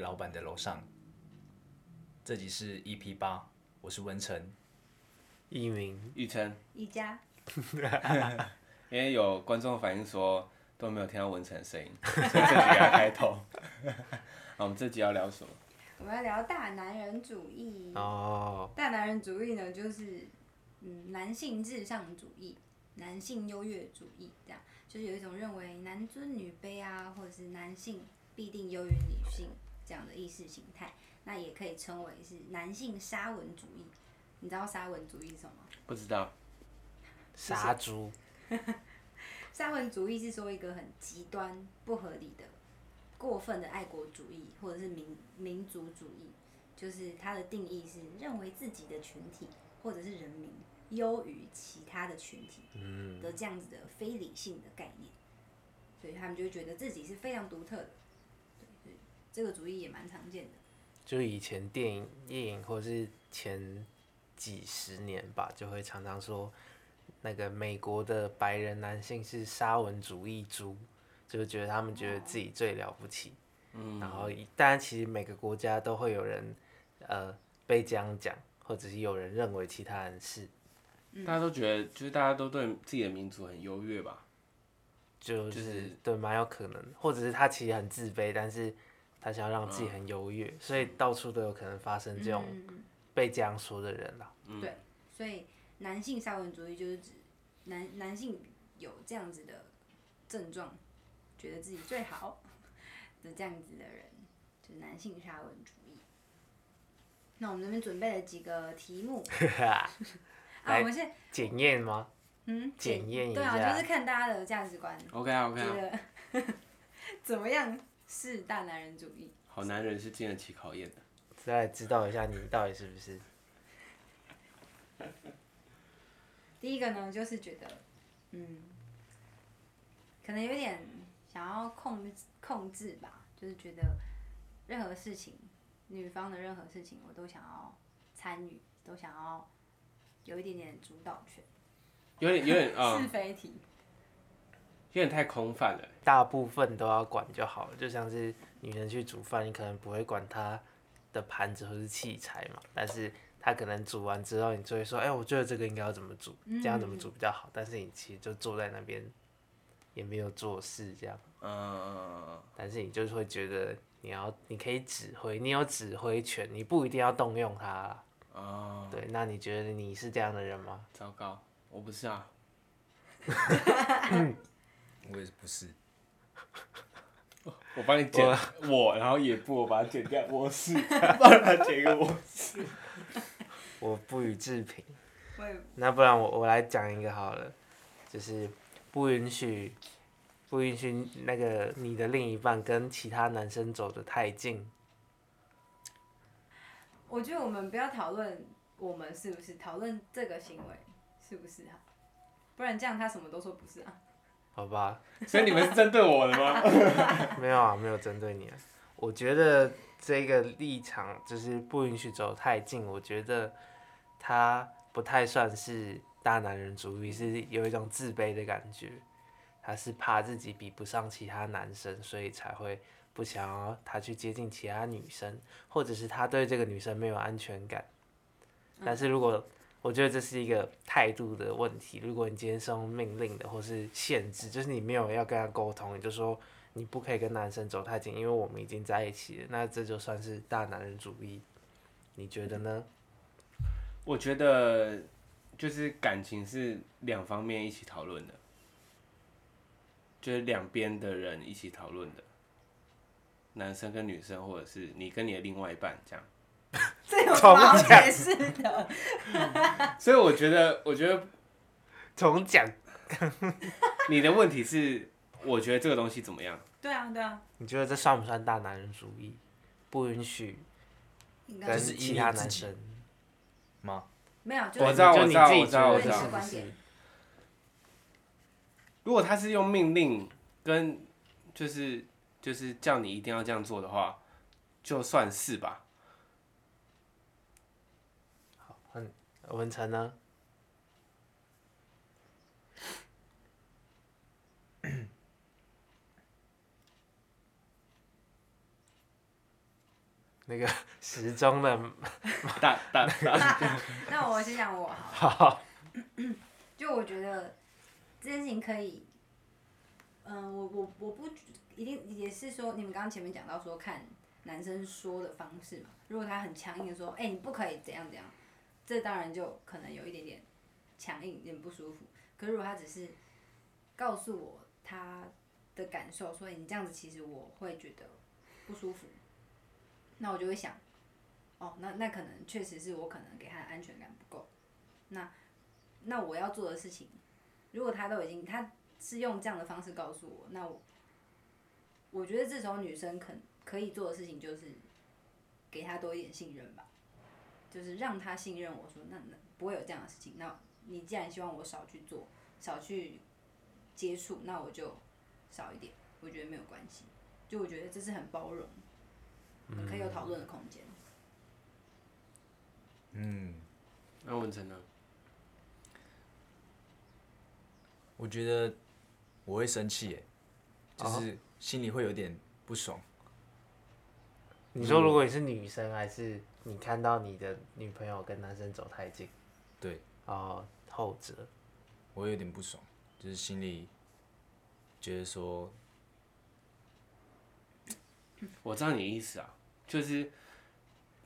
老板的樓上，這集是 EP 八，我是文成，一名，玉琛，一家。 因為有觀眾反映說都沒有聽到文成的聲音， 所以這裡來開頭。 我們這集要聊什麼？我們要聊大男人主義哦。Oh. 大男人主義呢，就是、嗯、男性至上主義、男性優越主義這樣，就是有一種認為男尊女卑啊，或者是男性必定優於女性。這樣的意識形態，那也可以稱為是男性沙文主義。你知道沙文主義是什麼？不知道。就是、殺豬。 沙文主義是說一個很極端、不合理的、過分的愛國主義或者是民民族主義，就是它的定義是認為自己的群體或者是人民優於其他的群體的、嗯、這樣子的非理性的概念。所以他們就覺得自己是非常獨特的。這個主義也蠻常見的，就以前電影、電影或者是前幾十年吧，就會常常說那個美國的白人男性是沙文主義豬，就覺得他們覺得自己最了不起。嗯，然後當然其實每個國家都會有人呃被這樣講，或者是有人認為其他人是，大家都覺得就是大家都對自己的民族很優越吧，就就是對蠻有可能，或者是他其實很自卑，但是。他想要讓自己很優越，嗯，所以到處都有可能發生這種被這樣說的人了。嗯、對，所以男性沙文主義就是指男男性有這樣子的症狀，覺得自己最好的這樣子的人，就是男性沙文主義。那我們這邊準備了幾個題目，我們先檢驗嗎？嗯，檢驗一下對對、啊，就是看大家的價值觀。OK 啊、okay 啊，覺得呵呵怎麼樣？是大男人主義。好男人是經得起考驗的。再知道一下你到底是不是？ 第一個呢，就是覺得，嗯，可能有點想要控控制吧，就是覺得任何事情，女方的任何事情，我都想要參與，都想要有一點點主導權。有點有點 是非題。嗯有點太空泛了，大部分都要管就好了，就像是女人去煮飯，你可能不會管她的盤子或是器材嘛，但是她可能煮完之後，你就會說，哎、欸，我覺得這個應該要怎麼煮，這樣怎麼煮比較好、嗯，但是你其實就坐在那邊也沒有做事這樣，嗯，但是你就是會覺得你要你可以指揮，你有指揮權，你不一定要動用她。嗯，對，那你覺得你是這樣的人嗎？糟糕，我不是啊。 我也是不是，我幫你剪我，然後也不我把它剪掉，我是。幫他剪一個，我我不予置評。那不然我我來講一個好了，就是不允許不允許那個你的另一半跟其他男生走得太近。我覺得我們不要討論我們是不是，討論這個行為是不是啊？不然這樣他什麼都說不是啊。好吧，所以你們是針對我的嗎？ 沒有啊，沒有針對你啊。我覺得這個立場就是不允許走太近。我覺得他不太算是大男人主義，是有一種自卑的感覺。他是怕自己比不上其他男生，所以才會不想要他去接近其他女生，或者是他對這個女生沒有安全感。但是如果我覺得這是一個態度的問題。如果你今天是用命令的，或是限制，就是你沒有要跟他溝通，你就說你不可以跟男生走太近，因為我們已經在一起了，那這就算是大男人主義。你覺得呢？我覺得就是感情是兩方面一起討論的，就是兩邊的人一起討論的，男生跟女生，或者是你跟你的另外一半這樣。 這有不的，所以我覺得，我覺得重講，你的問題是，我覺得這個東西怎麼樣？對啊，對啊，你覺得這算不算大男人主義？不允許跟其他男生嗎？沒有，我知道，我知道，我知道，我知道。如果他是用命令跟，就是就是叫你一定要這樣做的話，就算是吧。文成呢？ 那個時鐘的大大那個 那那那那那那。那我先講我好，好，好咳咳。就我覺得這件事情可以，嗯、呃，我我我不一定也是說，你們剛剛前面講到說看男生說的方式嘛，如果他很強硬的說，哎、欸，你不可以怎樣怎樣。這當然就可能有一點點強硬，有點不舒服。可如果他只是告訴我他的感受，所以、哎、你這樣子其實我會覺得不舒服，那我就會想，哦，那那可能確實是我可能給他的安全感不夠。那那我要做的事情，如果他都已經他是用這樣的方式告訴我，那我，我覺得這種女生可可以做的事情就是給他多一點信任吧。就是讓他信任我說，那那不會有這樣的事情。那你既然希望我少去做，少去接觸，那我就少一點。我覺得沒有關係，就我覺得這是很包容，很可以有討論的空間、嗯。嗯，那文成呢？我覺得我會生氣，耶，就是心裡會有點不爽。Oh. 嗯、你說，如果你是女生，還是？你看到你的女朋友跟男生走太近？對，哦、呃，後者，我有點不爽，就是心裡覺得說， 我知道你的意思啊，就是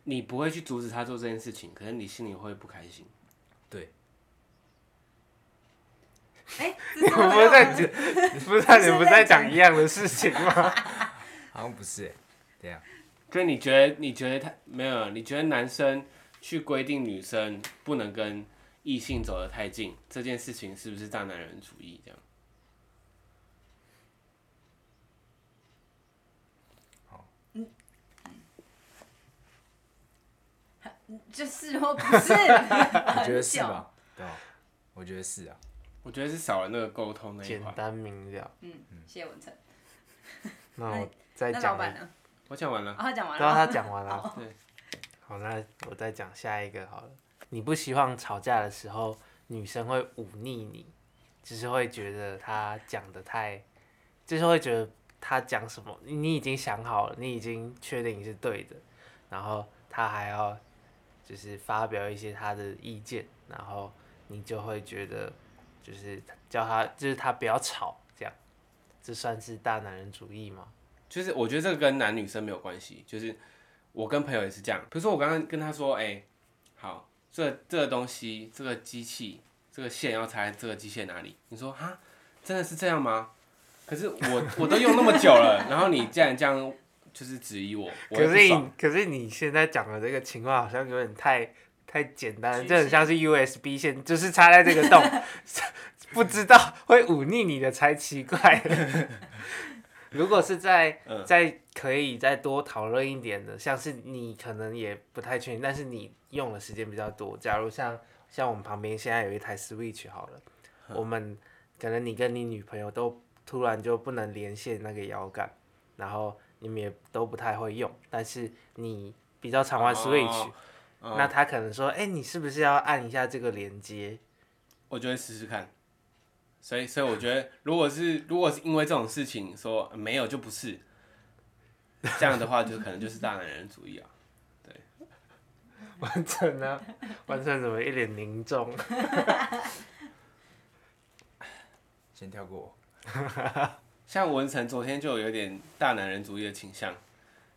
你不會去阻止他做這件事情，可是你心裡會不開心，對。哎、欸， 你們 不，是 不在， 你們不在講 不在 不在 一樣的事情嗎？ 好像不是，欸，這樣。就你覺得，你覺得他沒有？你覺得男生去規定女生不能跟異性走得太近，這件事情是不是大男人主義？這樣？好。嗯。就是哦、喔，不是。我 覺得是嗎 吧？對我覺得是啊。我覺得是少了那個溝通那一塊。簡單明了。嗯，謝謝文成。 那我再講。 那我講完了，剛、啊、剛他講完了，完了， 對，好，那我再講下一個好了。你不希望吵架的時候女生會忤逆你，只、就是會覺得他講得太，就是會覺得他講什麼，你已經想好了，你已經確定你是對的，然後他還要就是發表一些他的意見，然後你就會覺得就是叫他就是他不要吵這樣，這算是大男人主義嗎？就是我覺得這個跟男女生沒有關係，就是我跟朋友也是這樣。比如說我剛剛跟他說，哎、欸，好，這這個東西，這個機器，這個線要插在這個機械哪裡？你說哈，真的是這樣嗎？可是我我都用那麼久了， 然後你竟然這樣，就是質疑我。我可是可是你現在講的這個情況好像有點太太簡單，就很像是 USB 線，就是插在這個洞， 不知道會忤逆你的才奇怪。 如果是在、嗯、在可以再多討論一點的，像是你可能也不太確定，但是你用的時間比較多。假如像像我們旁邊現在有一台 Switch 好了、嗯，我們可能你跟你女朋友都突然就不能連線那個搖桿，然後你們也都不太會用，但是你比較常玩 Switch，哦、哦、那他可能說，哎、欸，你是不是要按一下這個連接？我覺得試試看。所以，所以我覺得，如果是如果是因為這種事情說沒有就不是，這樣的話就可能就是大男人主義啊。對，文成啊，文成怎麼一臉凝重？先跳過。像文成昨天就有點大男人主義的傾向。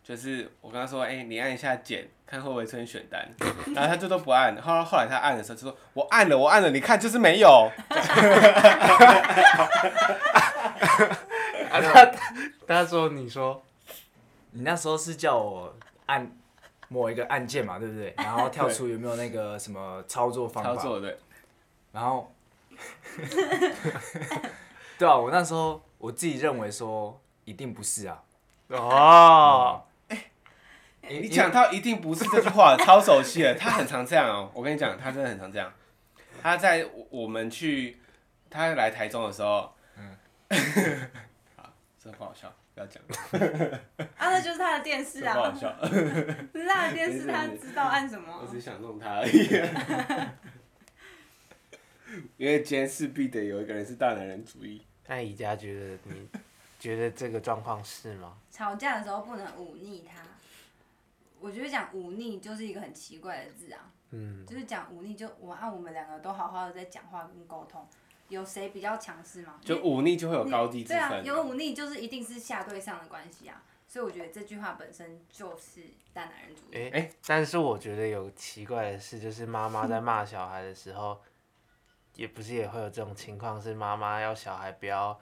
就是我跟他說，哎、欸，你按一下鍵看會不會出現選單，對對對，然後他就都不按。後來後來他按的時候，就說：“我按了，我按了，你看就是沒有。 這樣 啊”他他，他說：“你說，你那時候是叫我按某一個按鍵嘛，對不對？然後跳出有沒有那個什麼操作方法？對。對，然後， 對啊，我那時候我自己認為說，一定不是啊。哦。你講到一定不是這句話， 超熟悉的，他很常這樣哦、喔，我跟你講，他真的很常這樣。他在我們去他來台中的時候，嗯， 好，這不好笑，不要講了。 啊，那就是他的電視啊， 不好笑。 是他的電視，他知道按什麼？我只想弄他而已、啊。 因為監視必得有一個人是大男人主義。那宜家覺得你覺得這個狀況是嗎？吵架的時候不能忤逆他。我覺得講忤逆就是一個很奇怪的字啊，嗯，就是講忤逆就我按我們兩個都好好的在講話跟溝通，有誰比較強勢嗎？就忤逆就會有高低之分，對啊，有有忤逆就是一定是下對上的關係啊，所以我覺得這句話本身就是大男人主義。哎，但是我覺得有個奇怪的事，就是媽媽在罵小孩的時候，也不是也會有這種情況，是媽媽要小孩不要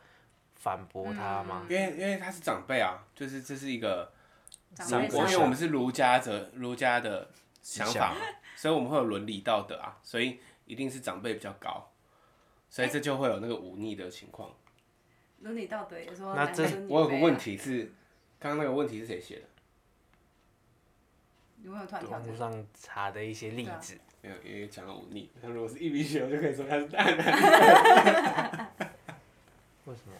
反駁他嗎？因為因為他是長輩啊，就是這是一個。因為我們是儒家者，儒家的想法，所以我們會有倫理道德啊，所以一定是長輩比較高，所以這就會有那個忤逆的情況。倫理道德說這那這我有個問題是，剛、嗯、剛那個問題是誰寫的？有沒有突然？路上查的一些例子。啊、沒有，因為講到忤逆，他如果是一筆寫，我就可以說他是大男人。 為什麼？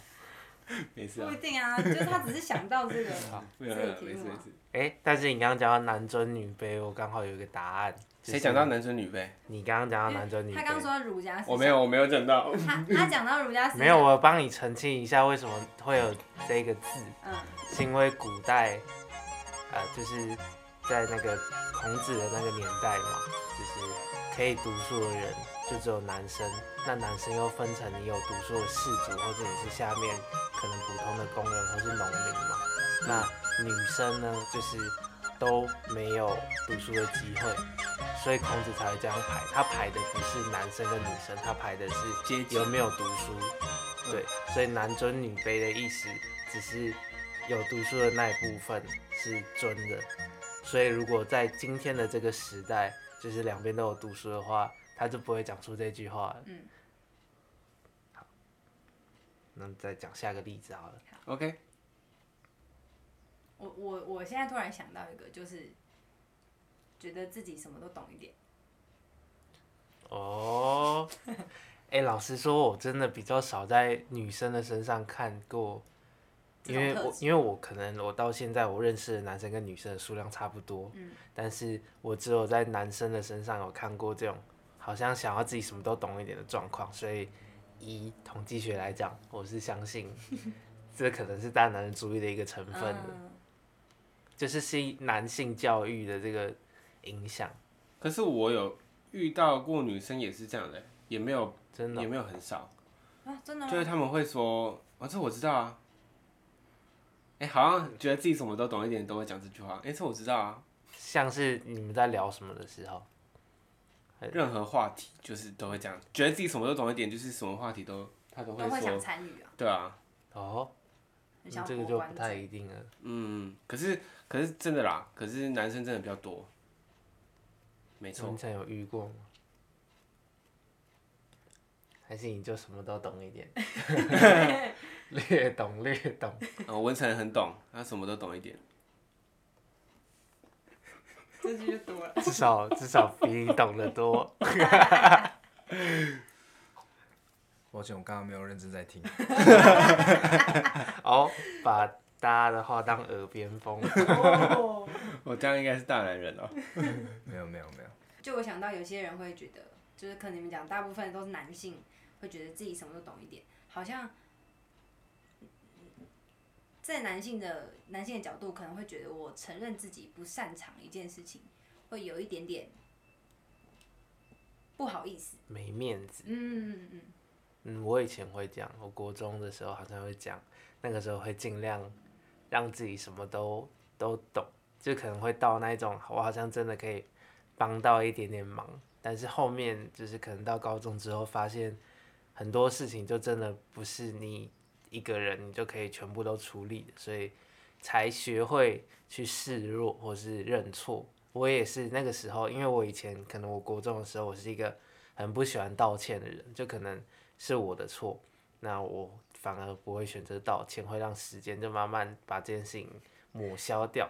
啊、不一定啊，就是他只是想到這個這個題目嘛。哎，但是你剛剛講到男尊女卑，我剛好有一個答案。誰講到男尊女卑？你剛剛講到男尊女卑。嗯、他剛說儒家。我沒有，我沒有講到 。他他講到儒家。沒有，我幫你澄清一下，為什麼會有這個字？嗯，是因為古代、呃，就是在那個孔子的那個年代嘛，就是可以讀書的人。就只有男生，那男生又分成你有讀書的士族，或者你是下面可能普通的工人或是農民嘛。那女生呢，就是都沒有讀書的機會，所以孔子才會這樣排。他排的不是男生跟女生，他排的是有沒有讀書。對，所以男尊女卑的意思，只是有讀書的那一部分是尊的。所以如果在今天的這個時代，就是兩邊都有讀書的話。他就不會講出這句話了，嗯，好，那再講下一個例子好了。好 OK，我我我現在突然想到一個，就是覺得自己什麼都懂一點。哦，哎，老實說，我真的比較少在女生的身上看過，因為我因為我可能我到現在我認識的男生跟女生的數量差不多，嗯，但是我只有在男生的身上有看過這種。好像想要自己什麼都懂一點的狀況，所以以統計學來講，我是相信這可能是大男人主義的一個成分，嗯、就是性男性教育的這個影響。可是我有遇到過女生也是這樣的，也沒有，真的，哦，也沒有很少，啊哦，就是他們會說，啊，這我知道啊，哎、欸，好像覺得自己什麼都懂一點都會講這句話，哎、欸，這我知道啊，像是你們在聊什麼的時候。任何話題就是都會這樣，覺得自己什麼都懂一點，就是什麼話題都他都會說。都會想參與啊。對啊。哦。這個就不太一定了。嗯，可是可是真的啦，可是男生真的比較多。沒錯。文成有遇過嗎？還是你就什麼都懂一點？略 懂略懂。哦，文成很懂，他什麼都懂一點。就多了，至少至少比你懂得多。我 想 我剛剛沒有認真在聽，哦 ，oh, 把大家的話當耳邊風。Oh. 我這樣應該是大男人哦。 沒有沒有沒有。就我想到有些人會覺得，就是可能你們講，大部分都是男性，會覺得自己什麼都懂一點，好像。在男性的男性的角度，可能會覺得我承認自己不擅長一件事情，會有一點點不好意思，沒面子。嗯嗯嗯嗯，嗯，我以前會講，我國中的時候好像會講，那個時候會盡量讓自己什麼都都懂，就可能會到那一種，我好像真的可以幫到一點點忙。但是後面就是可能到高中之後，發現很多事情就真的不是你。一個人你就可以全部都處理，所以才學會去示弱或是認錯。我也是那個時候，因為我以前可能我國中的時候，我是一個很不喜歡道歉的人，就可能是我的錯，那我反而不會選擇道歉，會讓時間就慢慢把這件事情抹消掉。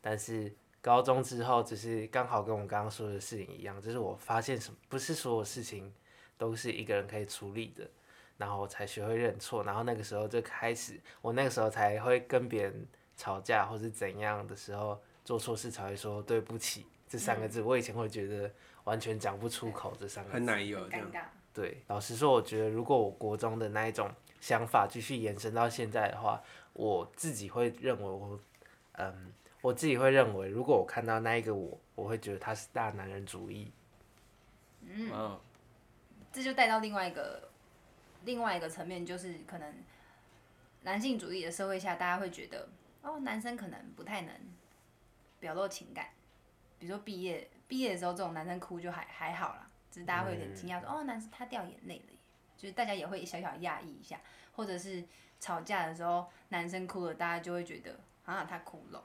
但是高中之後，只是剛好跟我剛剛說的事情一樣，就是我發現什麼，不是所有事情都是一個人可以處理的。然後我才學會認錯，然後那個時候就開始，我那個時候才會跟別人吵架，或是怎樣的時候做錯事才會說對不起這三個字，嗯。我以前會覺得完全講不出口這三個字，字很難有這樣。對，老實說，我覺得如果我國中的那一種想法繼續延伸到現在的話，我自己會認為我，嗯，我自己會認為，如果我看到那一個我，我會覺得他是大男人主義。嗯，這就帶到另外一個。另外一個層面就是，可能男性主義的社會下，大家會覺得哦，男生可能不太能表露情感。比如說畢業畢業的時候，這種男生哭就還還好啦，只、就是大家會有點驚訝，說、嗯、哦，男生他掉眼淚了耶，就是大家也會小小壓抑一下。或者是吵架的時候，男生哭了，大家就會覺得啊，他哭了。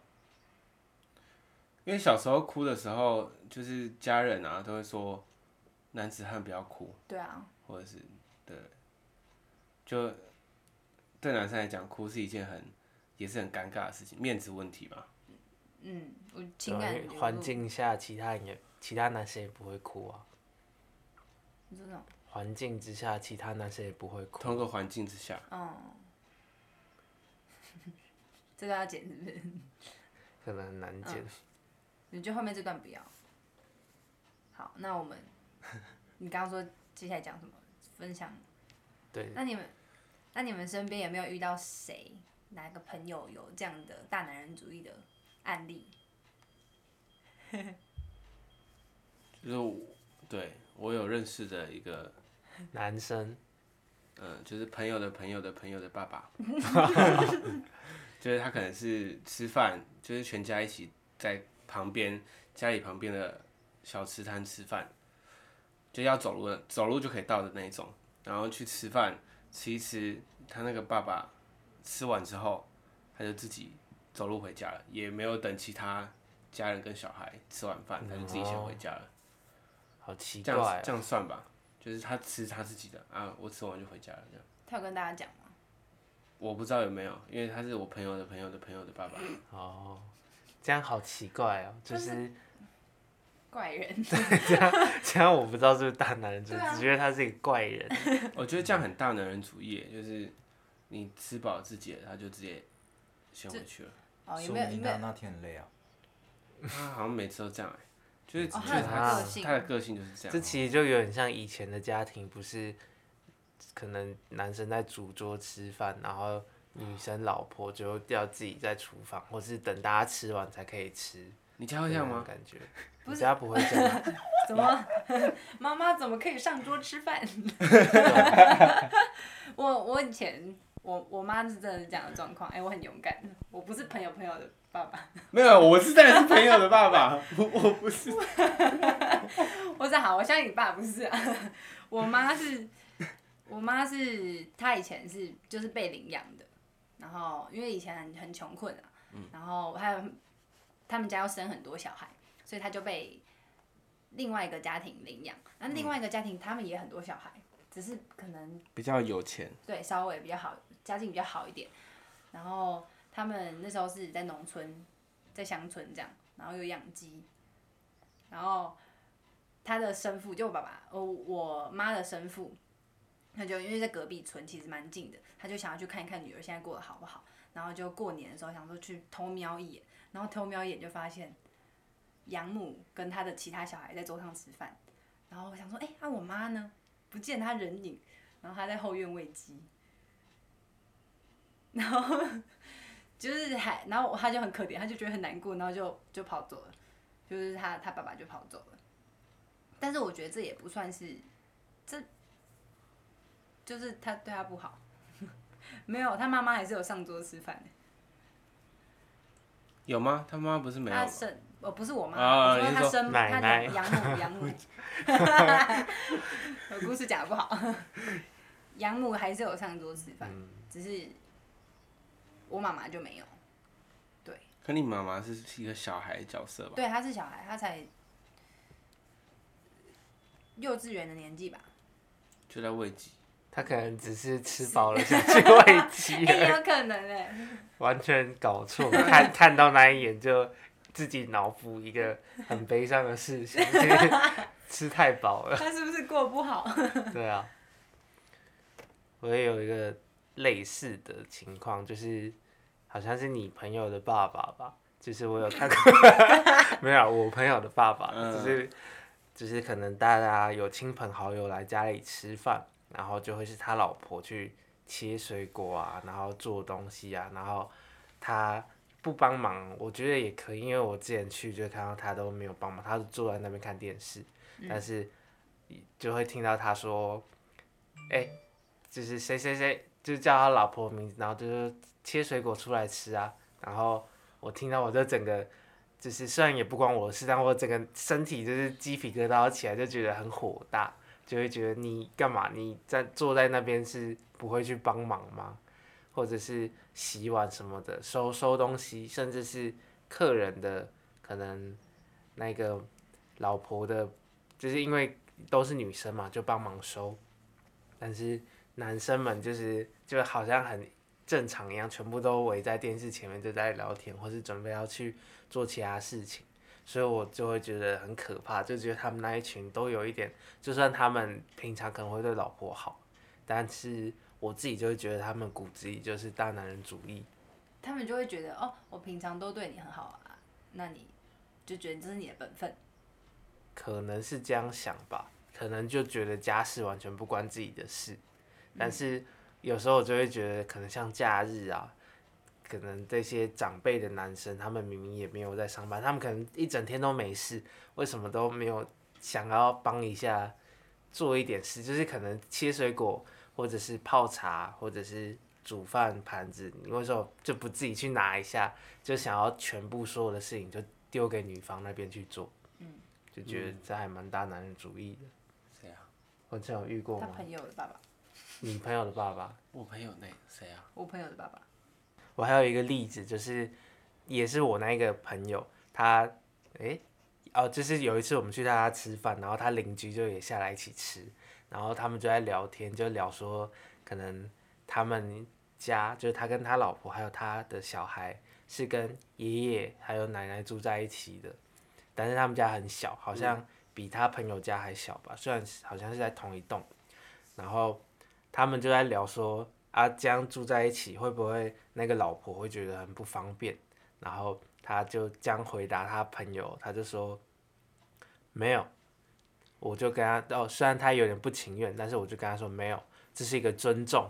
因為小時候哭的時候，就是家人啊都會說男子漢不要哭，對啊，或者是對。就對男生來講，哭是一件很也是很尷尬的事情，面子問題吧。嗯，我情感。環境下，其他人也其他男生也不會哭啊。這種。環境之下，其他男生也不會哭啊。通過環境之下。哦、oh. 這個要剪是不是？很難難剪。Oh. 你就後面這段不要。好，那我們， 你剛剛說接下來講什麼？分享。對。那你們。那、啊、你們身邊有沒有遇到誰，哪個朋友有這樣的大男人主義的案例？就是我，對，我有認識的一個男生，嗯、呃，就是朋友的朋友的朋友的爸爸， 就是他可能是吃飯，就是全家一起在旁邊家裡旁邊的小吃攤吃飯，就要走路的走路就可以到的那種，然後去吃飯。其實他那個爸爸吃完之後，他就自己走路回家了，也沒有等其他家人跟小孩吃完飯，哦，他就自己先回家了。好奇怪，哦，這樣這樣算吧，就是他吃他自己的啊，我吃完就回家了這樣。他有跟大家講嗎？我不知道有沒有，因為他是我朋友的朋友的朋友的朋友的爸爸。哦，這樣好奇怪哦，就是。怪人， 對，這樣這樣我不知道是不是大男人主義，只覺得他是一個怪人。 我覺得這樣很大男人主義，就是你吃飽自己了，他就直接先回去了。哦，有沒有那天很累啊、哦有有有有。他好像每次都這樣就是覺得、哦就是、他他，他的個性就是這樣。這其實就有點像以前的家庭，不是可能男生在主桌吃飯，然後女生老婆就要自己在廚房、嗯，或是等大家吃完才可以吃。你，教你家會這樣嗎？感覺，我家不會講。怎麼？媽媽怎麼可以上桌吃飯？ 我我以前我我媽是真的這樣的狀況。哎、欸，我很勇敢，我不是朋友朋友的爸爸。沒有，我是真的是朋友的爸爸， 我，我不是。 我是好，我相信你爸不是啊。我媽是，我媽是她以前是就是被領養的，然後因為以前很很窮困啊，嗯、然後還有。他們家要生很多小孩，所以他就被另外一個家庭領養。那另外一個家庭，嗯，他們也很多小孩，只是可能比較有錢，對，稍微比較好，家境比較好一點。然後他們那時候是在農村，在鄉村這樣，然後有養雞。然後他的生父，就我爸爸，哦，我媽的生父，他就因為在隔壁村，其實蠻近的，他就想要去看一看女兒現在過得好不好。然後就過年的時候，想說去偷瞄一眼。然後偷瞄一眼就發現，養母跟他的其他小孩在桌上吃飯，然後我想說，哎，那、啊、我媽呢？不見她人影，然後她在後院餵雞，然後就是還，然後他就很可憐，他就覺得很難過，然後就就跑走了，就是他他爸爸就跑走了，但是我覺得這也不算是，這就是他對他不好，沒有，他媽媽還是有上桌吃飯的。有嗎？他媽媽不是沒有。他生，哦，不是我媽，啊啊啊啊，我他說他生，奶奶他的養母，養母。 我故事講的不好。養 母還是有上桌吃飯，嗯，只是我媽媽就沒有。對。可你媽媽是一個小孩角色吧？對，她是小孩，她才幼稚園的年紀吧？就在餵雞。他可能只是吃飽了想去餵雞，很、 欸、有可能呢，欸，完全搞錯，看看到那一眼就自己腦補一個很悲傷的事情， 吃太飽了。他是不是過不好？ 對啊，我也有一個類似的情況，就是好像是你朋友的爸爸吧，就是我有看過， 沒有、啊、我朋友的爸爸，嗯，就是就是可能大家有親朋好友來家裡吃飯。然後就會是他老婆去切水果啊，然後做東西啊，然後他不幫忙，我覺得也可以，因為我之前去就看到他都沒有幫忙，他就坐在那邊看電視，但是就會聽到他說，哎、嗯欸，就是誰誰誰，就叫他老婆名字，然後就說切水果出來吃啊，然後我聽到我這整個就是雖然也不關我的事，但我整個身體就是雞皮疙瘩起來，就覺得很火大。就會覺得你幹嘛？你在坐在那邊是不會去幫忙嗎？或者是洗碗什麼的，收收東西，甚至是客人的，可能那個老婆的，就是因為都是女生嘛，就幫忙收。但是男生們就是，就好像很正常一樣，全部都圍在電視前面就在聊天，或是準備要去做其他事情。所以我就會覺得很可怕，就覺得他們那一群都有一點，就算他們平常可能會對老婆好，但是我自己就會覺得他們骨子裡就是大男人主義。他們就會覺得哦，我平常都對你很好啊，那你就覺得這是你的本分。可能是這樣想吧，可能就覺得家事完全不關自己的事，但是有時候我就會覺得，可能像假日啊。可能這些長輩的男生，他們明明也沒有在上班，他們可能一整天都沒事，為什麼都沒有想要幫一下，做一點事，就是可能切水果，或者是泡茶，或者是煮飯盤子，你為什麼就不自己去拿一下，就想要全部所有的事情就丟給女方那邊去做，嗯，就覺得這還蠻大男人主義的，誰啊？我之前有遇過嗎？他朋友的爸爸，你朋友的爸爸？我朋友那誰啊？我朋友的爸爸。我還有一個例子，就是也是我那一個朋友，他誒、欸、哦，就是有一次我們去他家吃飯，然後他鄰居就也下來一起吃，然後他們就在聊天，就聊說可能他們家就是他跟他老婆還有他的小孩是跟爺爺還有奶奶住在一起的，但是他們家很小，好像比他朋友家還小吧，雖然好像是在同一棟，然後他們就在聊說。他、啊、這樣住在一起會不會那個老婆會覺得很不方便？然後他就這樣回答他朋友，他就說沒有，我就跟他哦，雖然他有點不情願，但是我就跟他說沒有，這是一個尊重。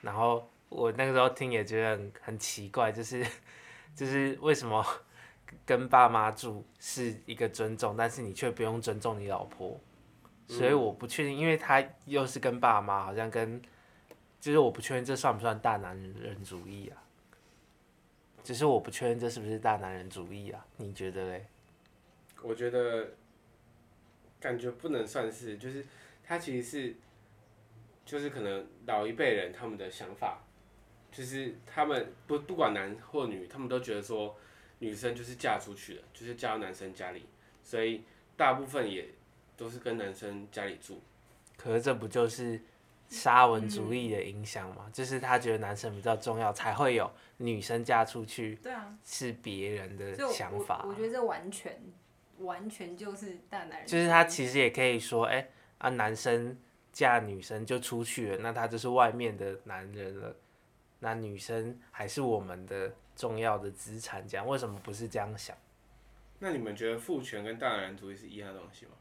然後我那個時候聽也覺得很，很奇怪，就是就是為什麼跟爸媽住是一個尊重，但是你卻不用尊重你老婆？所以我不確定、嗯，因為他又是跟爸媽，好像跟。其實我不確認，這算不算大男人主義啊？只是我不確認這是不是大男人主義啊？你覺得嘞？我覺得感覺不能算是，就是他其實是，就是可能老一輩人他們的想法，就是他們不不管男或女，他們都覺得說女生就是嫁出去了，就是嫁到男生家裡，所以大部分也都是跟男生家裡住。可是這不就是？沙文主義的影響嘛，嗯嗯，就是他覺得男生比較重要，才會有女生嫁出去，對啊，是別人的想法，啊所以我。我覺得這完全完全就是大男人。就是他其實也可以說，哎、欸、啊，男生嫁女生就出去了，那他就是外面的男人了，那女生還是我們的重要的資產，這樣為什麼不是這樣想？那你們覺得父權跟大男人主義是一樣的東西嗎？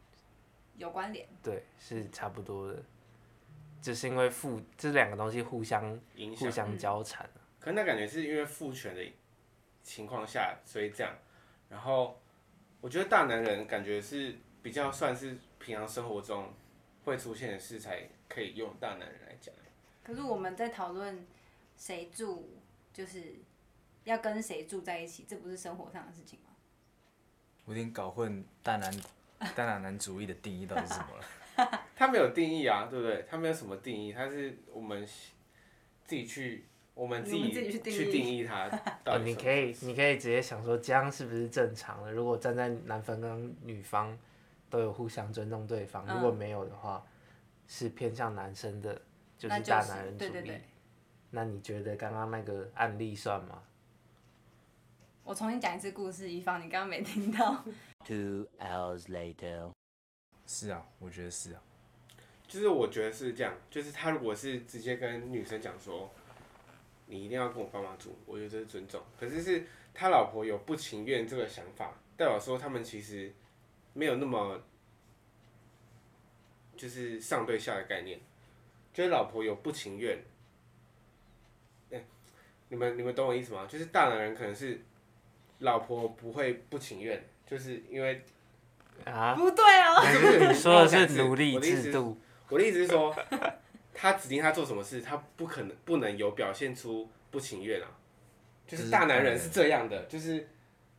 有關聯。對，是差不多的。就是因為父這兩個東西互相影響、互相交纏、嗯，可能那感覺是因為父權的情況下，所以這樣。然後我覺得大男人感覺是比較算是平常生活中會出現的事，才可以用大男人來講。可是我們在討論誰住，就是要跟誰住在一起，這不是生活上的事情嗎？我已經搞混大男大男男主義的定義到底是什麼了。 他 沒有定義啊，對不對？他沒有什麼定義，他是我們自己去，我們自己去定義他。 你可以，你可以直接想說，這樣是不是正常的？如果站在男方跟女方都有互相尊重對方，如果沒有的話，是偏向男生的，就是大男人主義。那就是、對對對。那你覺得剛剛那個案例算嗎？我重新講一次故事，以防，你剛剛沒聽到。Two hours later. 是啊，我覺得是啊，就是我覺得是這樣，就是他如果是直接跟女生講說，你一定要跟我爸媽住，我覺得這是尊重。可是是他老婆有不情願這個想法，代表說他們其實沒有那麼就是上對下的概念，就是老婆有不情願。哎、欸，你們你們懂我意思嗎？就是大男人可能是老婆不會不情願，就是因為。啊、不對哦，你說的是奴隸制度 我。我的意思是說，他指定他做什麼事，他不可能不能有表現出不情願啊。就是大男人是這樣的， 就是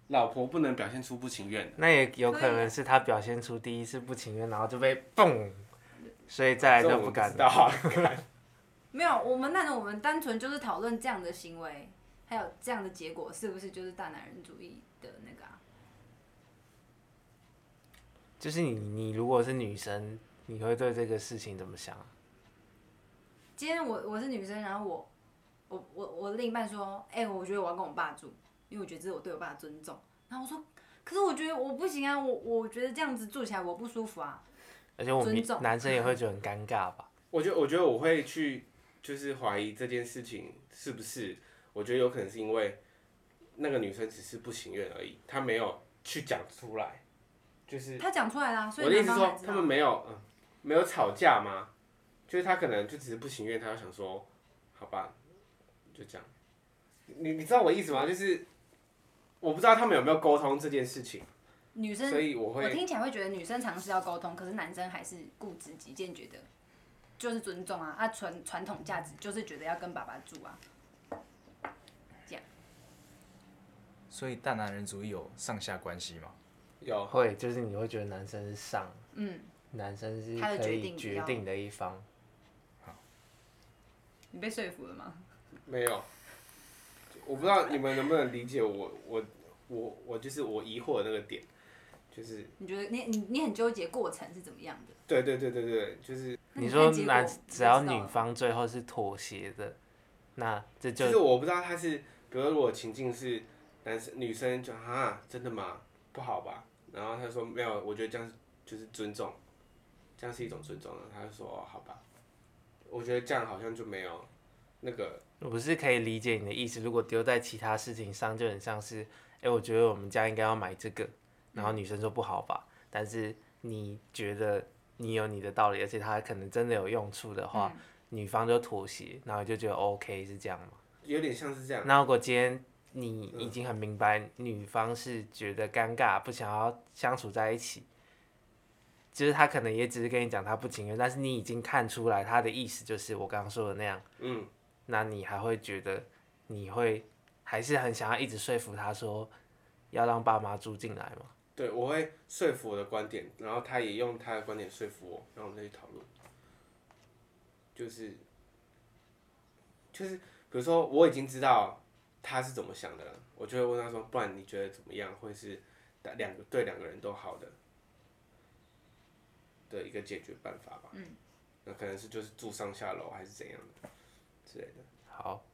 老婆不能表現出不情願。那也有可能是他表現出第一次不情願，然後就被嘣，所以再來就不敢到。 沒有，我們那種我們單純就是討論這樣的行為，還有這樣的結果是不是就是大男人主義的那個、啊？就是你，你如果是女生，你會對這個事情怎麼想啊？今天我我是女生，然後我，我我我另一半說，欸，我覺得我要跟我爸住，因為我覺得這是我對我爸的尊重。然後我說，可是我覺得我不行啊，我我覺得這樣子住起來我不舒服啊。而且我們男生也會覺得很尷尬吧？我覺得，我覺得我會去，就是懷疑這件事情是不是，我覺得有可能是因為那個女生只是不情願而已，她沒有去講出來。就是、他講出來啦，所以你們沒有，他們沒有、嗯，沒有吵架嗎？就是他可能就只是不情願，他要想說，好吧，就這樣。你你知道我意思嗎？就是我不知道他們有沒有溝通這件事情。女生，所以我會，我聽起來會覺得女生嘗試要溝通，可是男生還是固執己見，覺得就是尊重啊，啊傳傳統價值就是覺得要跟爸爸住啊，這樣。所以大男人主義有上下關係嗎？有會，就是你會覺得男生是上，嗯，男生是他的決定，決定的一方，好。你被說服了嗎？沒有，我不知道你們能不能理解我，我，我，我就是我疑惑的那個點，就是你覺得你你你很糾結過程是怎麼樣的？對對對對對，就是你，你說那只要女方最後是妥協的，那這就就是我不知道他是，比如我情境是男生女生就哈，真的嗎？不好吧？然後他說沒有，我覺得這樣就是尊重，這樣是一種尊重的。他就說、哦、好吧，我覺得這樣好像就沒有那個。我不是可以理解你的意思，如果丟在其他事情上，就很像是，哎，我覺得我們家應該要買這個，然後女生說不好吧、嗯，但是你覺得你有你的道理，而且他可能真的有用處的話，嗯、女方就妥協，然後就覺得 OK。是這樣嗎？有點像是這樣。那如果今天。你已經很明白，女方是覺得尷尬，不想要相處在一起。其實她可能也只是跟你講她不情願，但是你已經看出來她的意思就是我剛剛說的那樣。嗯，那你還會覺得你會還是很想要一直說服他說要讓爸媽住進來嗎？對，我會說服我的觀點，然後他也用他的觀點說服我，然後我們再去討論。就是，就是，比如說我已經知道。他是怎麼想的，我就會問他說，不然你覺得怎麼樣，會是，兩個對兩個人都好的，的一個解決辦法吧？嗯。那可能是就是住上下樓還是怎樣的，之類的。好，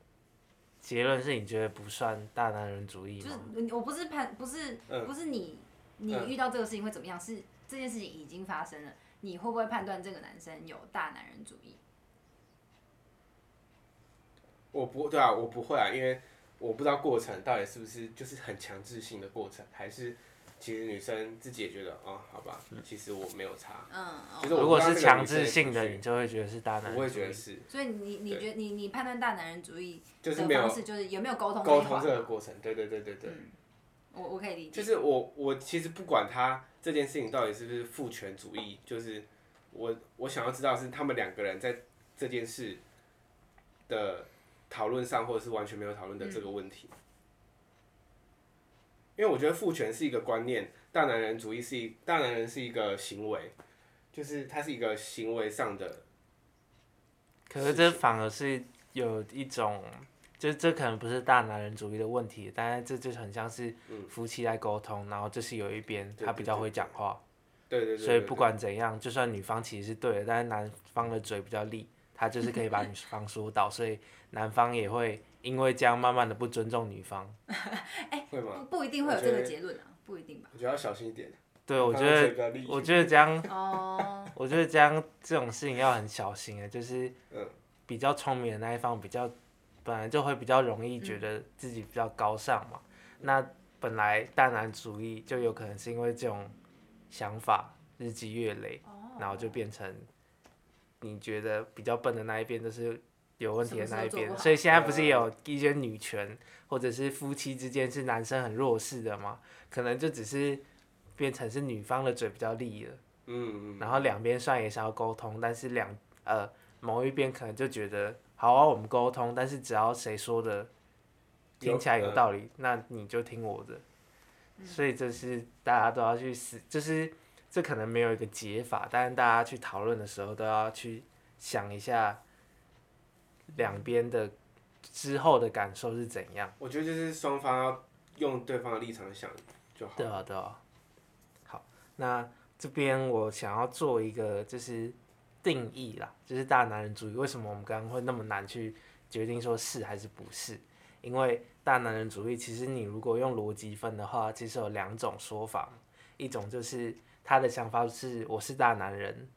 結論是你覺得不算大男人主義。就是我不是判不是不是你，嗯，你遇到這個事情會怎麼樣？是這件事情已經發生了，你會不會判斷這個男生有大男人主義？我不對啊，我不會啊，因為。我不知道過程到底是不是就是很強制性的過程，還是其實女生自己也覺得，哦，好吧，其實我沒有差。嗯，就是剛剛如果是強制性的，你就會覺得是大男人。不會覺得是。所以你你覺得你你判斷大男人主義就是沒有，就是有沒有溝通？溝通這個過程，對對對對對。嗯，我我可以理解。就是我我其實不管他這件事情到底是不是父權主義，就是我我想要知道是他們兩個人在這件事的，討論上，或者是完全沒有討論的這個問題、嗯，因為我覺得父權是一個觀念，大男人主義是一大男人是一個行為，就是他是一個行為上的。可是這反而是有一種，這這可能不是大男人主義的問題，但是這就很像是夫妻在溝通、嗯，然後這是有一邊他比較會講話，對對對，對，對，對，對對對，所以不管怎樣，就算女方其實是對的，但是男方的嘴比較利。他就是可以把女方說到， 所以男方也會因為這樣慢慢的不尊重女方。哎、 欸，會嗎？不，不一定會有這個結論啊，不一定吧。我覺得要小心一點。對，我覺得看看，我覺得這樣， 我覺得這樣這種事情要很小心哎，就是比較聰明的那一方比較，本來就會比較容易覺得自己比較高尚嘛。嗯、那本來大男主義就有可能是因為這種想法日積月累， 然後就變成。你覺得比較笨的那一邊就是有問題的那一邊，所以現在不是也有一些女權，嗯，或者是夫妻之間是男生很弱勢的嗎？可能就只是變成是女方的嘴比較利了，嗯嗯，然後兩邊算也是要溝通，但是兩呃某一邊可能就覺得，好啊，我們溝通，但是只要誰說的聽起來有道理有，那你就聽我的，所以這是大家都要去死，就是。這可能沒有一個解法，但是大家去討論的時候都要去想一下，兩邊的之後的感受是怎樣。我覺得就是雙方要用對方的立場想就好。對啊，對啊。好，那這邊我想要做一個就是定義啦，就是大男人主義。為什麼我們剛剛會那麼難去決定說是還是不是？因為大男人主義，其實你如果用邏輯分的話，其實有兩種說法，一種就是。他的想法是，我是大男人，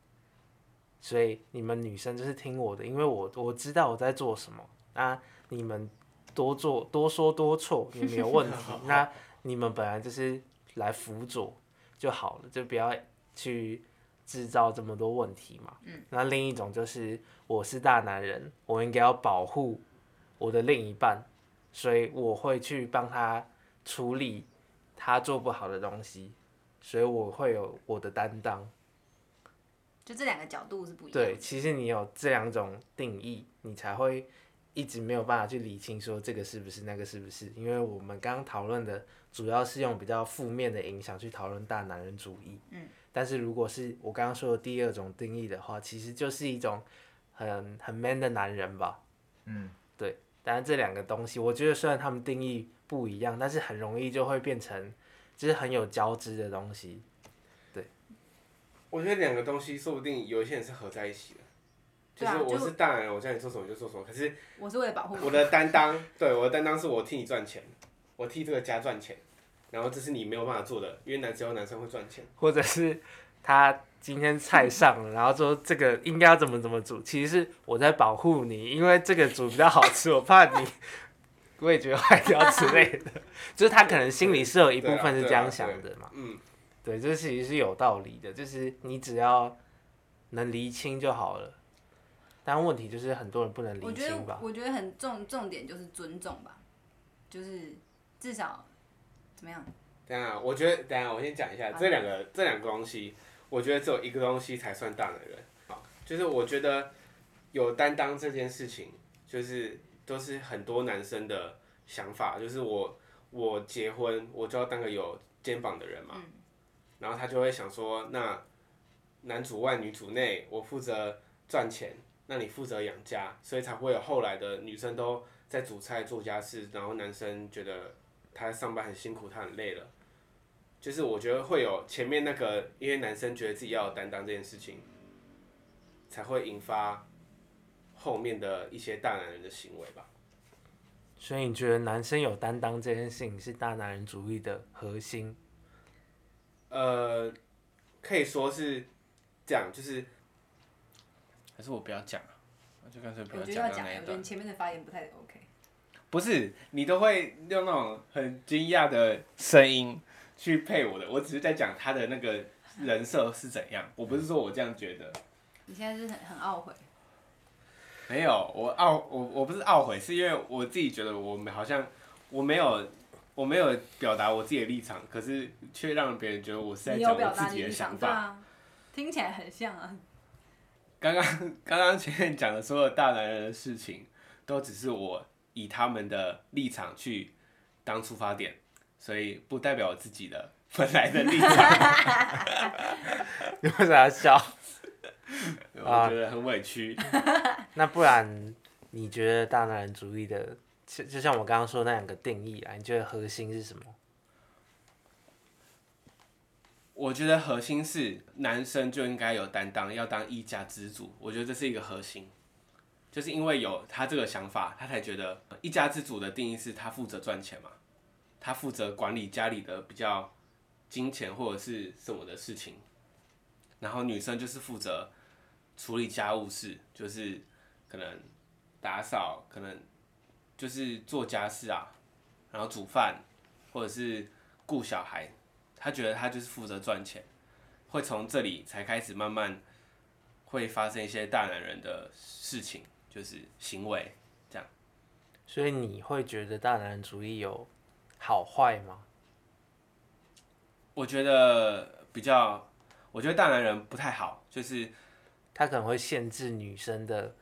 所以你們女生就是聽我的，因為我我知道我在做什麼。那你們多做多說多錯也沒有問題。 那你們本來就是來輔佐就好了，就不要去製造這麼多問題嘛。那另一種就是，我是大男人，我應該要保護我的另一半，所以我會去幫他處理他做不好的東西。所以我會有我的擔當，就這兩個角度是不一樣的。對，其實你有這兩種定義，你才會一直沒有辦法去理清說這個是不是，那個是不是，因為我們剛剛討論的主要是用比較負面的影響去討論大男人主義。嗯。但是如果是我剛剛說的第二種定義的話，其實就是一種很很 man 的男人吧。嗯，對。但是這兩個東西，我覺得雖然他們定義不一樣，但是很容易就會變成。就是很有交織的東西，對。我覺得兩個東西說不定有一些人是合在一起的。就是我是大人，我叫你做什麼就做什麼，可是我，我是為了保護我的擔當，對我的擔當是我替你賺錢，我替這個家賺錢，然後這是你沒有辦法做的，因為男只有男生會賺錢。或者是他今天菜上了，然後說這個應該要怎麼怎麼煮，其實是我在保護你，因為這個煮比較好吃，我怕你。 我也覺得，壞掉之類的， 就是他可能心裡是有一部分是這樣想的嘛。啊啊啊、嗯，對，這事情是有道理的，就是你只要能釐清就好了。但問題就是很多人不能釐清吧？我覺得，我覺得很重重點就是尊重吧，就是至少怎麼樣？等下，我覺得等下我先講一下這兩個這兩個東西，我覺得只有一個東西才算大男人。好，就是我覺得有擔當這件事情，就是。都是很多男生的想法，就是我我結婚，我就要當個有肩膀的人嘛、嗯，然後他就會想說，那男主外女主內，我負責賺錢，那你負責養家，所以才會有後來的女生都在煮菜做家事，然後男生覺得他上班很辛苦，他很累了，就是我覺得會有前面那個，因為男生覺得自己要有擔當這件事情，才會引發。後面的一些大男人的行為吧，所以你覺得男生有擔當這件事情是大男人主義的核心？呃，可以說是這樣，就是還是我不要講、啊，我就乾脆不要講了。我覺得要講，我覺得你前面的發言不太 OK。不是，你都會用那種很驚訝的聲音去配我的，我只是在講他的那個人設是怎樣。 我不是說我這樣覺得。你現在是很很懊悔？沒有，我懊我我不是懊悔，是因為我自己覺得我們好像我沒有我沒有表達我自己的立場，可是卻讓別人覺得我是在講我自己的想法立場。啊，聽起來很像啊。剛剛剛剛前面講的所有大男人的事情，都只是我以他們的立場去當出發點，所以不代表我自己的本來的立場。 你為啥要笑？ 我覺得很委屈。Oh, 那不然，你覺得大男人主義的，就就像我剛剛說那兩個定義啊，你覺得核心是什麼？我覺得核心是男生就應該有擔當，要當一家之主。我覺得這是一個核心，就是因為有他這個想法，他才覺得一家之主的定義是他負責賺錢嘛，他負責管理家裡的比較金錢或者是什麼的事情，然後女生就是負責。處理家務事，就是可能打掃，可能就是做家事啊，然後煮飯，或者是顧小孩。他覺得他就是負責賺錢，會從這裡才開始慢慢會發生一些大男人的事情，就是行為這樣。所以你會覺得大男人主義有好壞嗎？我覺得比較，我覺得大男人不太好，就是。他可能會限制女生的，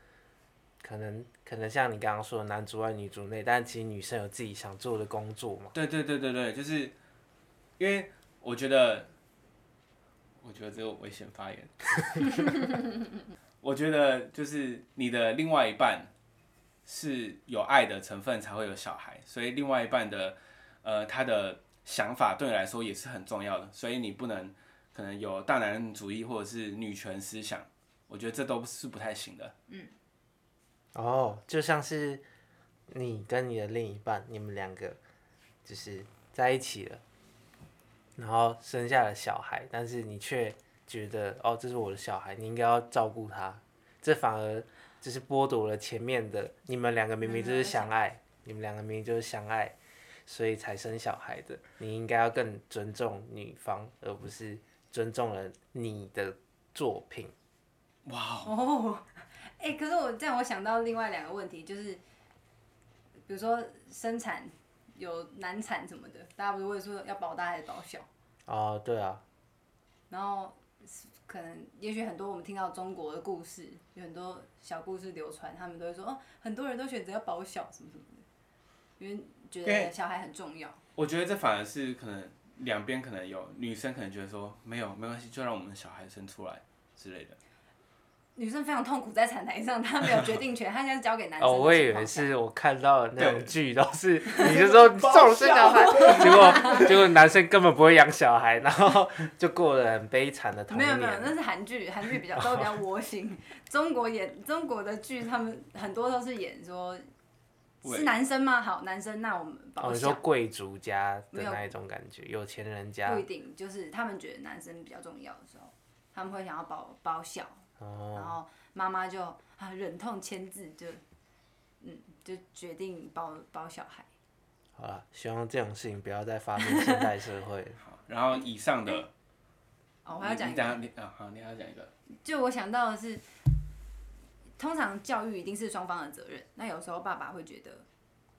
可能可能像你剛剛說的，男主外女主內，但其實女生有自己想做的工作嘛。對對對對對，就是因為我覺得，我覺得這個危險發言，我覺得就是你的另外一半是有愛的成分才會有小孩，所以另外一半的呃他的想法對你來說也是很重要的，所以你不能可能有大男人主義或者是女權思想。我覺得這都是不太行的。嗯。哦，就像是你跟你的另一半，你們兩個就是在一起了，然後生下了小孩，但是你卻覺得哦，這是我的小孩，你應該要照顧他。這反而就是剝奪了前面的，你們兩個明明就是相愛，你們兩個明明就是相愛，所以才生小孩的。你應該要更尊重女方，而不是尊重了你的作品。哇哦，哎，可是我這樣我想到另外兩個問題，就是比如說生產有難產什麼的，大家不是會說要保大還是保小？啊，oh，對啊。然後可能也許很多我們聽到中國的故事，有很多小故事流傳，他們都會說哦，很多人都選擇要保小什麼什麼的，因為覺得小孩很重要。欸，我覺得這反而是可能兩邊可能有女生可能覺得說沒有沒關係，就讓我們小孩生出來之類的。女生非常痛苦，在產檯上，她沒有決定權，她應該是交給男生。 哦，我以為是我看到的那種劇，都是你就說生了小孩， 結果結果男生根本不會養小孩，然後就過得很悲慘的童年。沒有沒有，那是韓劇，韓劇比較都比較窩心。 中國演中國的劇，他們很多都是演說，是男生嗎？好，男生那我們保、哦、你說貴族家的那一種感覺有，有錢人家。不一定，就是他們覺得男生比較重要的時候，他們會想要包包小。然後媽媽就啊忍痛簽字，就嗯就決定包包小孩。好了，希望這種事情不要再發生現、現代社會。 好，然後以上的。哦，我還要講一個，一講你啊，好，你還要講一個。就我想到的是，通常教育一定是雙方的責任。那有時候爸爸會覺得，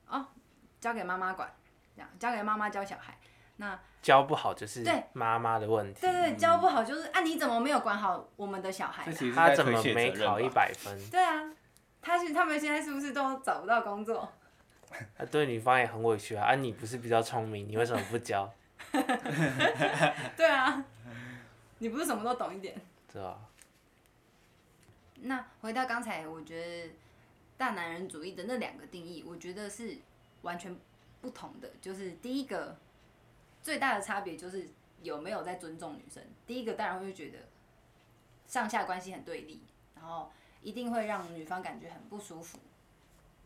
哦，交給媽媽管，這樣交給媽媽教小孩。那教不好就是媽媽的問題。對對對，教不好就是、嗯、啊，你怎麼沒有管好我們的小孩？他怎麼沒考一百分？對啊，他是他們現在是不是都找不到工作？ 對女方也很委屈啊！啊，你不是比較聰明，你為什麼不教？ 對啊，你不是什麼都懂一點。對啊。 那回到剛才，我覺得大男人主義的那兩個定義，我覺得是完全不同的，就是第一個。最大的差別就是有沒有在尊重女生。第一個當然會覺得上下關係很對立，然後一定會讓女方感覺很不舒服。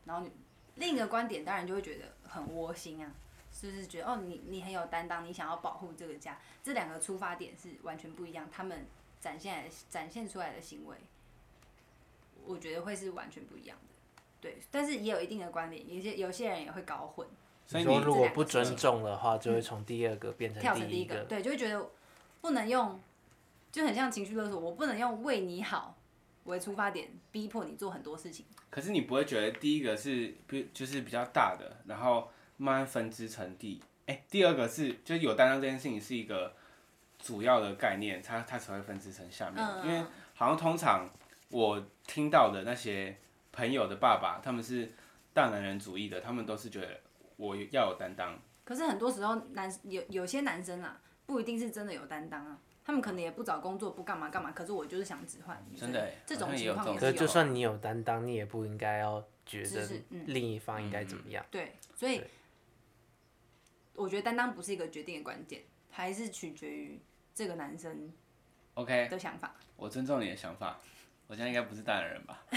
然後你另一個觀點當然就會覺得很窩心啊，就是，是覺得哦你你很有擔當，你想要保護這個家。這兩個出發點是完全不一樣，他們展現展現出來的行為，我覺得會是完全不一樣的。對，但是也有一定的觀點，有些有些人也會搞混。所以你如果不尊重的話，就會從第二個、嗯、變成個，跳成第一個，對，就會覺得不能用，就很像情緒勒索。我不能用為你好為出發點，逼迫你做很多事情。可是你不會覺得第一個是，比，就是比較大的，然後慢慢分支成第，哎，第二個是，就有擔當這件事情是一個主要的概念，他它才會分支成下面、嗯。因為好像通常我聽到的那些朋友的爸爸，他們是大男人主義的，他們都是覺得。我要有擔當，可是很多時候男有有些男生啊，不一定是真的有擔當啊，他們可能也不找工作，不幹嘛幹嘛。可是我就是想置換、嗯，真的，這種情況是有，可是就算你有擔當，你也不應該要覺得是是、嗯、另一方應該怎麼樣、嗯嗯。對，所以我覺得擔當不是一個決定的關鍵，還是取決於這個男生。OK 的想法，okay, 我尊重你的想法。我現在應該不是大男人吧？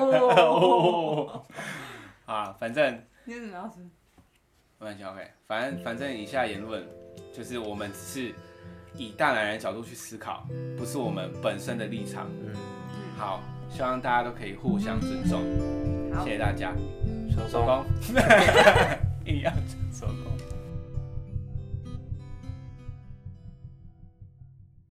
哦 哦、 好啊，反正。今天怎要吃？沒關係，OK。反正反正，以下言論就是我們只是以大男人的角度去思考，不是我們本身的立場。嗯，好，希望大家都可以互相尊重。好，謝謝大家，手工，哈哈哈，一樣，手工。